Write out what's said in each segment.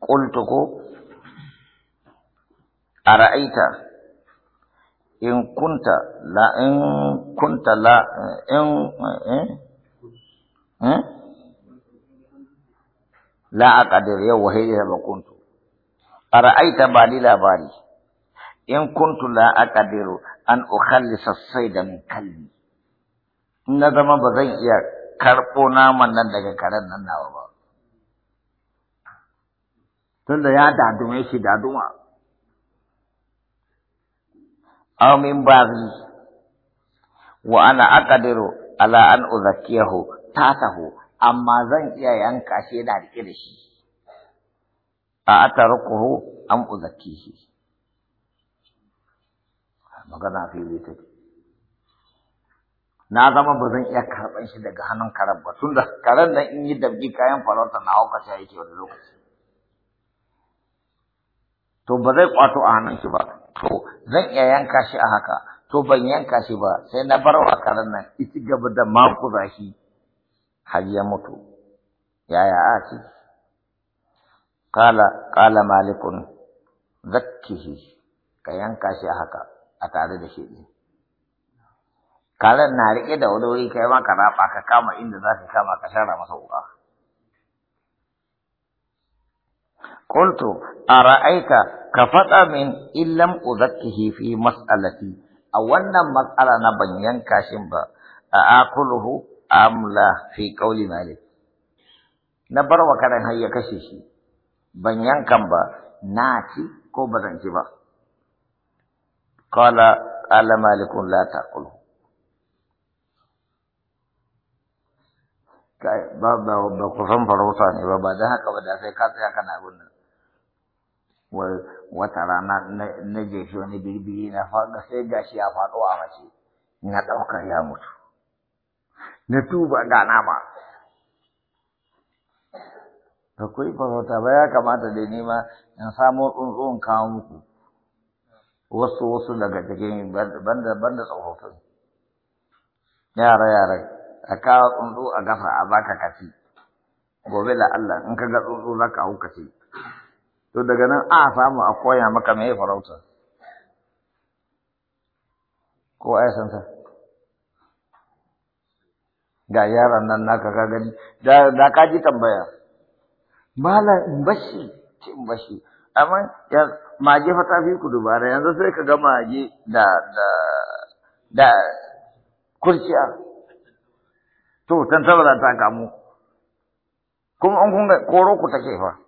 qultu ko ara'aita in kunta la in kunta la in eh eh la aqdir yau wahiyya ba kuntu ara'aita ba ni labari in kuntu la aqdiru an ukhallisa as-sayda min kalbi na zama ba zan iya karɓo naman nan daga karen nan nawa ba tunda ya dadume shi daduma Amin ba baghi wa ana aqdiru ala an ta tatahu amma zan iya yanka shi da rike da shi a an am uzakkihi magana fili ta na zama ba zan iya karɓan shi daga hannun karen ba Tunda karen nan in yi dabgi kayan farauta na hauka shi yake wani lokaci to ba zai kwato a hannunki ba to zan iya yanka shi a haka to ban yanka shi ba sai na bar wa karan nan ita gaba da makuza shi har ya mutu yaya a ce kala kala malikun zakkihi ka yanka shi a haka a tare da shi karan na riƙe da wuri kai ma ka raba ka kama inda za ka kama ka shara masa wuƙa قلت أرأيت ka faɗa min illan uzakkihi fi mas'alati a wannan mas'ala na ban yanka shin a fi na bar wa karan har kashe shi ban yankan ba na ci ko ba ba qala ala malikun la ba ba ku san farauta ne ba ba dan haka ba da sai ka tsaya kana abun wata rana na jefi wani birbiri na faɗa sai gashi ya faɗo a mace na ɗaukar ya mutu na tuba ga nama ta kuyi farauta ba ya kamata da nema in samo tsuntsun kawo muku wasu wasu daga cikin banda banda tsofaffin yara yara a kawo tsuntsu a gafa a baka kaci gobe da Allah in ka ga tsuntsu za ka hau kaci to daga nan a samu a koya maka mai farauta ko a ta. ga yaran nan naka ka gani da ka ji tambaya mala in bashi ce in bashi amma ya Maje fa ta fi ku dubara yanzu sai ka ga maje. da da da kurciya to tantabara ta kamu kuma an kun ga koro ku take fa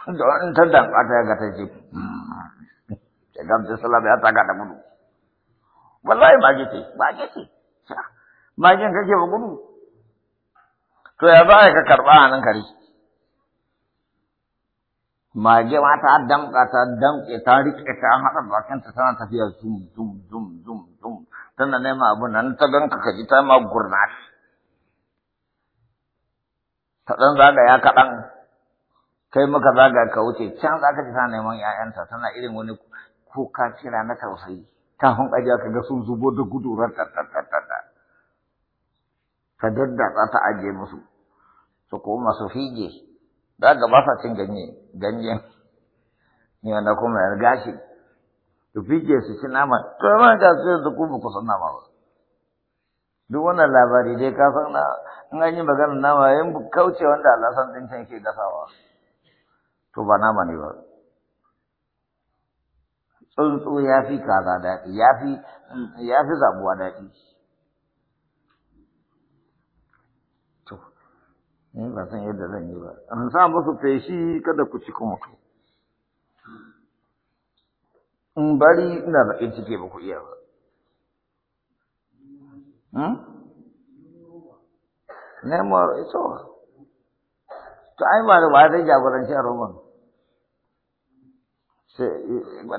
don ta dankwata ta gata ce ya gamsa salama ya taka da gudu wallahi mage ce mage ce magen kake ba gudu to ya za ka karɓa a nan kare mage ma ta damƙa ta damƙe ta riƙe ta haɗa bakinta tana tafiya zum zum zum zum zum tana nema eh, abu nan ta ganka ka ji ta ma gurna ta ɗan zagaya kaɗan kai maka zaga ka wuce can za ka ci sa neman ‘ya'yanta tana irin wani kuka kira na tausayi ta hun ajiya ka ga sun zubo da gudu ratatatata ka daddatsa ta ajiye musu su koma su fige za ka ba sa cin ganye ganye. Ni wanda kuma ya gashi su fige su ci nama to ma ga su ku kuma ku san nama ba duk wannan labari dai ka san na in an yi maganar nama yin kauce wanda Allah san din can ke gasawa to ba nama ne ba tsuntsu ya fi kaza daɗi ya fi ya daɗi to san yadda zan yi ba an sa musu feshi kada ku ci kuma mutu in bari ina baƙin ciki ba ku iya ba hmm? Nemo, ito. To, ai ba da ba zai jagoranci a Roman.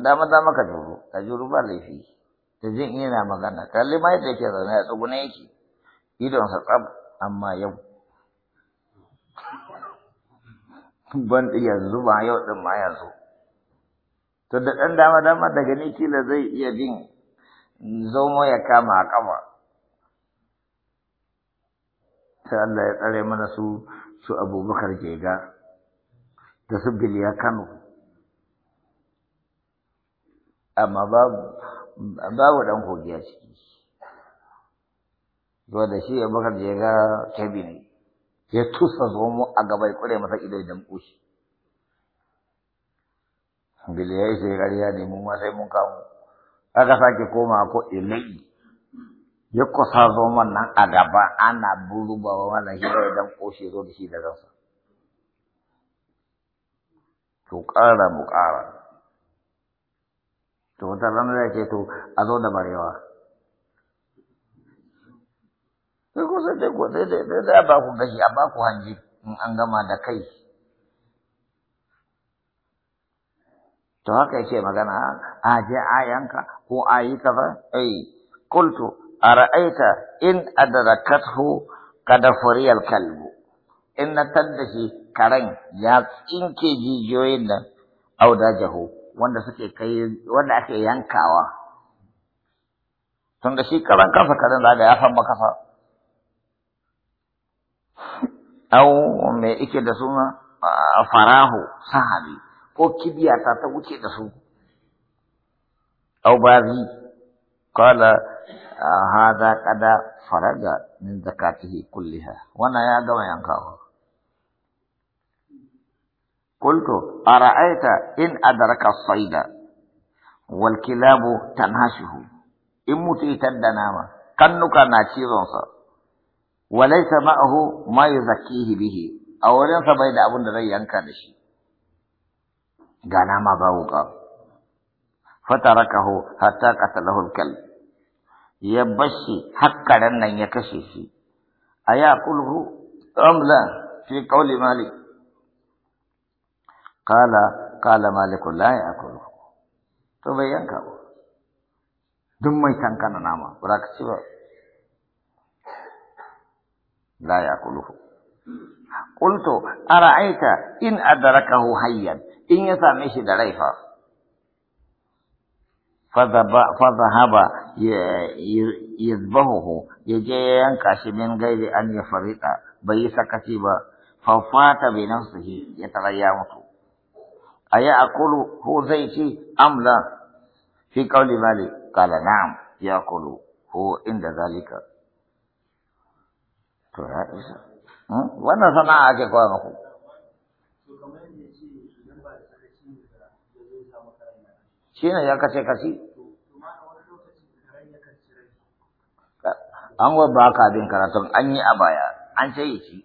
dama dama ka juru ka juru ba laifi da jin yana magana kalli ma yadda yake zaune a tsugune yake idonsa tsab amma yau ban yanzu ba yau din ma yanzu to da ɗan dama dama daga ni kila zai iya jin zomo ya kama a ƙafa sai Allah ya tsare mana su su abubakar ga da su biliya kano amma babu ɗan kogi a ciki zuwa da shi abubakar da ya ga kebi ya tusa zomo a gaba ya kure masa ido da kushi bil ya yi sai ƙarya ne mu ma sai mun kamu aka sake koma ko ilai ya kusa zomon nan a gaba ana burubawa shi zai dan kushi zo da shi da kansa to ƙara mu ƙara to wata ranar ya ce to a zo da barewa sai ko sai ko sai dai dai dai ba ku gashi a ba ku hanji in an gama da kai to haka yake magana a je ayanka ko ayi ba ai qultu ara'aita in adrakathu kada furiyal kalbu in na tadda karen ya tsinke jijiyoyin nan auda jahu wanda suke kai wanda ake yankawa da shi karan kafa karan zaga ya san makafa au me ike da suna farahu sahabi ko kibiya ta ta wuce da su au bazi kala hada ah, kada faraga min zakatihi kulliha wannan ya gama yankawa قلت أرأيت إن أدرك الصيد والكلاب تنهشه إن متيت الدنام كنك ناتشيرونسا وليس معه ما يزكيه به أو ليس بيد أبن ريان كانشي قال ما باوقا فتركه حتى قتله الكلب يبشي حقا لن يكشف أياكله أم لا في قول مالك kala kala maliku la ya akulu to bai yanka ba duk mai tankana nama ba ka ci ba la ya akulu qultu ara'aita in a adrakahu hayyan in ya same shi da raifa fadhaba yadbahuhu yaje yanka shi min gairi an ya farita bai yi sakaci ba fa bai bi nafsihi ya tarayya mutu a yi akulu ko zai ci amla fi kauli mali kala na'am ya kulu ko inda zalika to ya isa wannan sana'a ake koya maku shi ne ya kashe kashi an wa ba ka bin karatun an yi a baya an ce yi ci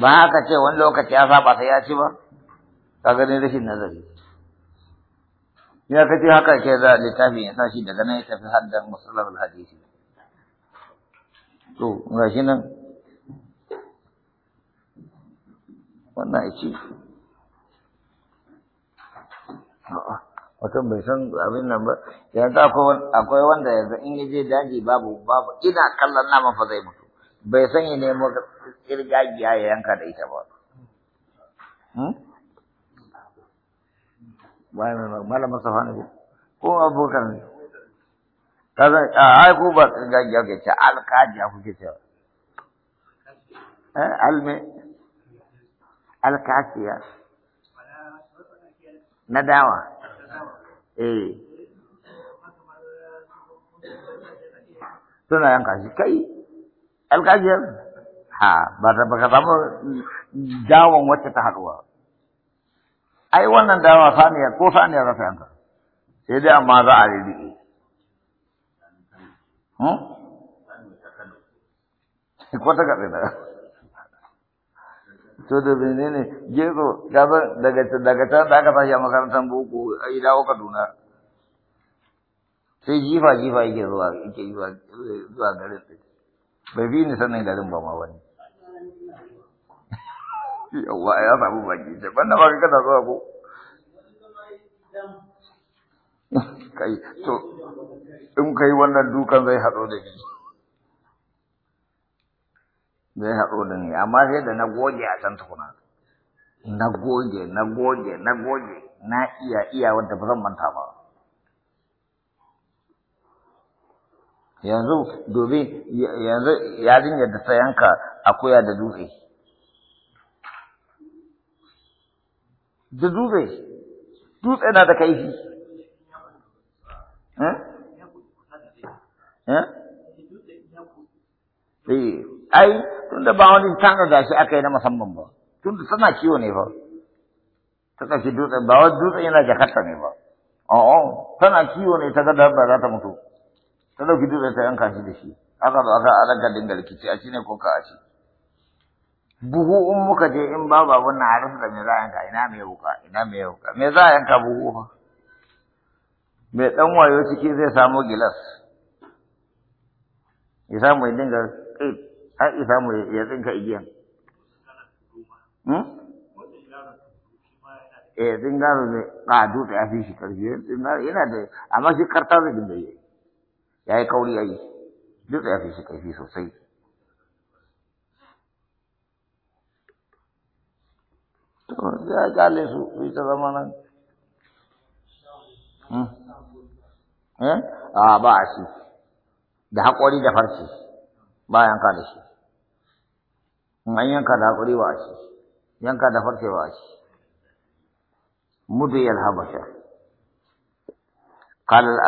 ba haka ce wani lokaci ya saba sai ya ci ba kaga ne rashin nazari ya kace haka ke da littafin ya sashi daga nan ya tafi haddan musallar hadisi to gashi nan wannan aiki mutum bai san abin nan ba yanzu akwai wanda yanzu in yaje daji babu babu ina kallon naman fa zai mutu bai san ya nemo kirgagiya ya yanka da ita ba hmm? bayan mai malam Mustafa ne ko abubakar ne kaza a ai ko ba gajiya ke ce alkaji kuke ce eh alme alkaciya na dawa eh suna yanka shi kai alkajiyar ha ba ta baka samu dawon wacce ta haɗuwa ai wannan dama saniya ko saniya za ta yanka sai dai amma za a rirriƙe hmm? ko ta gaɗe da to da ne gero gaban daga daga ta da aka tashi a makarantar boko ai dawo Kaduna sai jifa jifa yake zuwa yake zuwa garin sai, bai bi ni sanin garin ba ma wani yawwa ya samu baki ce banda ba ka kada zuwa ko kai to in kai wannan dukan zai haɗo da ni zai haɗo da ni amma sai da na goge a can tukuna na goge na goge na goge na iya iya wanda ba zan manta ba yanzu domin yanzu yarinyar da sayanka yanka akuya da dutse da dutse dutse na da kaifi eh? Eh? Eh, ai tunda ba wani tana da shi aka yi na musamman ba tunda tana kiwo ne ba ta ɗauki dutse ba wani dutse yana jakarta ne ba a'a tana kiwo ne ta ga ba za ta mutu ta ɗauki dutse ta yanka shi da shi aka zo aka alaka dinga rikici a shi ne ko ka a shi buhu in muka je in babu abin na harin da me za a yanka ina me wuka ina me wuka me za a yanka buhu fa Me dan wayo ciki zai samu gilas ya samu ya dinga har ya samu ya tsinka igiyan hmm? eh zingaro ne ka da a fi shi karfi dinga yana da amma shi karta zai dinga yi ya yi kauri yayi yi duk da fi shi karfi sosai to ya kale su su ta zama nan hmm? eh a shi da haƙori da farce ba yanka da shi an yanka da haƙori ba shi yanka da farce ba shi mudu yal habasha قال